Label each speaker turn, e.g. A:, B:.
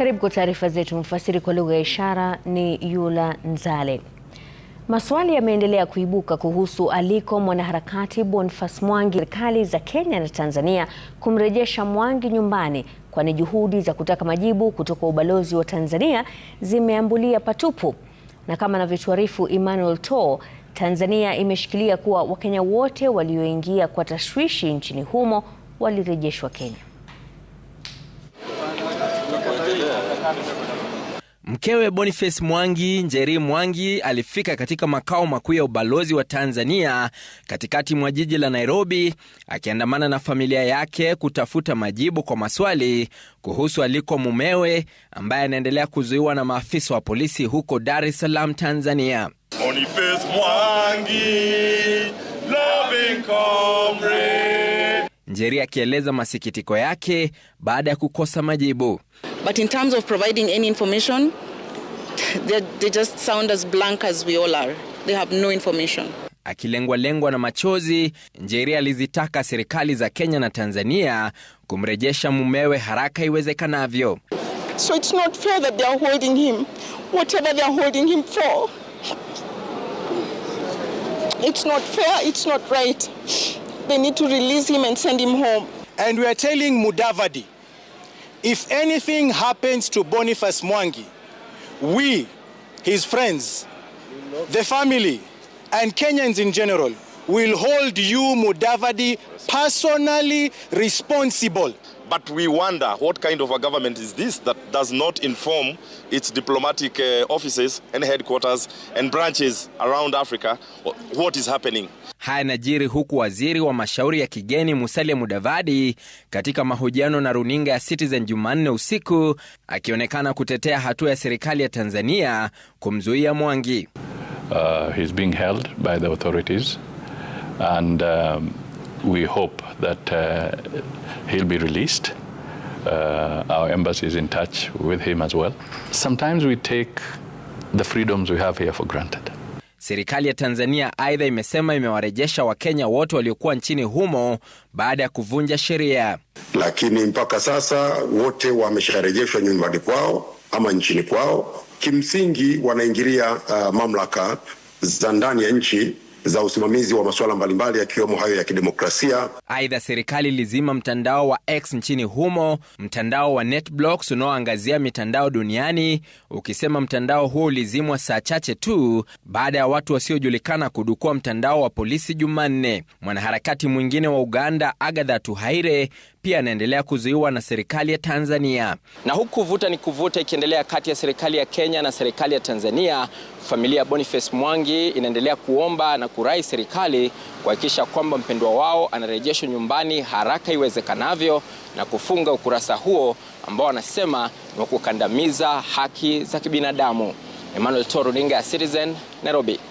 A: Karibu kwa taarifa zetu. Mfasiri kwa lugha ya ishara ni Yula Nzale. Maswali yameendelea kuibuka kuhusu aliko mwanaharakati Boniface Mwangi. Serikali za Kenya na Tanzania kumrejesha Mwangi nyumbani, kwani juhudi za kutaka majibu kutoka ubalozi wa Tanzania zimeambulia patupu. Na kama anavyotuarifu Emmanuel To, Tanzania imeshikilia kuwa Wakenya wote walioingia kwa tashwishi nchini humo walirejeshwa Kenya.
B: Mkewe Boniface Mwangi, Njeri Mwangi, alifika katika makao makuu ya ubalozi wa Tanzania katikati mwa jiji la Nairobi akiandamana na familia yake kutafuta majibu kwa maswali kuhusu aliko mumewe ambaye anaendelea kuzuiwa na maafisa wa polisi huko Dar es Salaam, Tanzania. Boniface Mwangi, loving comrade. Njeri akieleza masikitiko yake baada ya kukosa majibu.
C: But in terms of providing any information, they, they just sound as blank as we all are. They have no information.
B: Akilengwa-lengwa na machozi, Njeri alizitaka serikali za Kenya na Tanzania kumrejesha mumewe haraka iwezekanavyo.
D: So it's not fair that they are holding him. Whatever they are holding him for. It's not fair, it's not right. They need to release him and send him home.
E: And we are telling Mudavadi If anything happens to Boniface Mwangi, we, his friends, the family, and Kenyans in general will hold you Mudavadi personally responsible.
F: But we wonder what kind of a government is this that does not inform its diplomatic uh, offices and headquarters and branches around Africa what is happening.
B: Haya najiri huku waziri wa mashauri ya kigeni Musalia Mudavadi katika mahojiano na runinga ya Citizen Jumanne usiku akionekana kutetea hatua ya serikali ya Tanzania kumzuia Mwangi.
G: Uh, he's being held by the authorities and um, we hope that uh, he'll be released. Uh, our embassy is in touch with him as well. Sometimes we take the freedoms we have here for granted.
B: Serikali ya Tanzania aidha imesema imewarejesha Wakenya wote waliokuwa nchini humo baada ya kuvunja sheria,
H: lakini mpaka sasa wote wamesharejeshwa nyumbani kwao ama nchini kwao. Kimsingi wanaingilia uh, mamlaka za ndani ya nchi za usimamizi wa masuala mbalimbali yakiwemo hayo ya kidemokrasia.
B: Aidha, serikali ilizima mtandao wa X nchini humo, mtandao wa NetBlocks unaoangazia mitandao duniani ukisema mtandao huo ulizimwa saa chache tu baada ya watu wasiojulikana kudukua mtandao wa polisi Jumanne. Mwanaharakati mwingine wa Uganda Agatha Tuhaire pia anaendelea kuzuiwa na serikali ya Tanzania. Na huku vuta ni kuvuta ikiendelea kati ya serikali ya Kenya na serikali ya Tanzania, familia ya Boniface Mwangi inaendelea kuomba na kurai serikali kuhakikisha kwamba mpendwa wao anarejeshwa nyumbani haraka iwezekanavyo na kufunga ukurasa huo ambao wanasema ni wa kukandamiza haki za kibinadamu. Emmanuel Toro, runinga ya Citizen, Nairobi.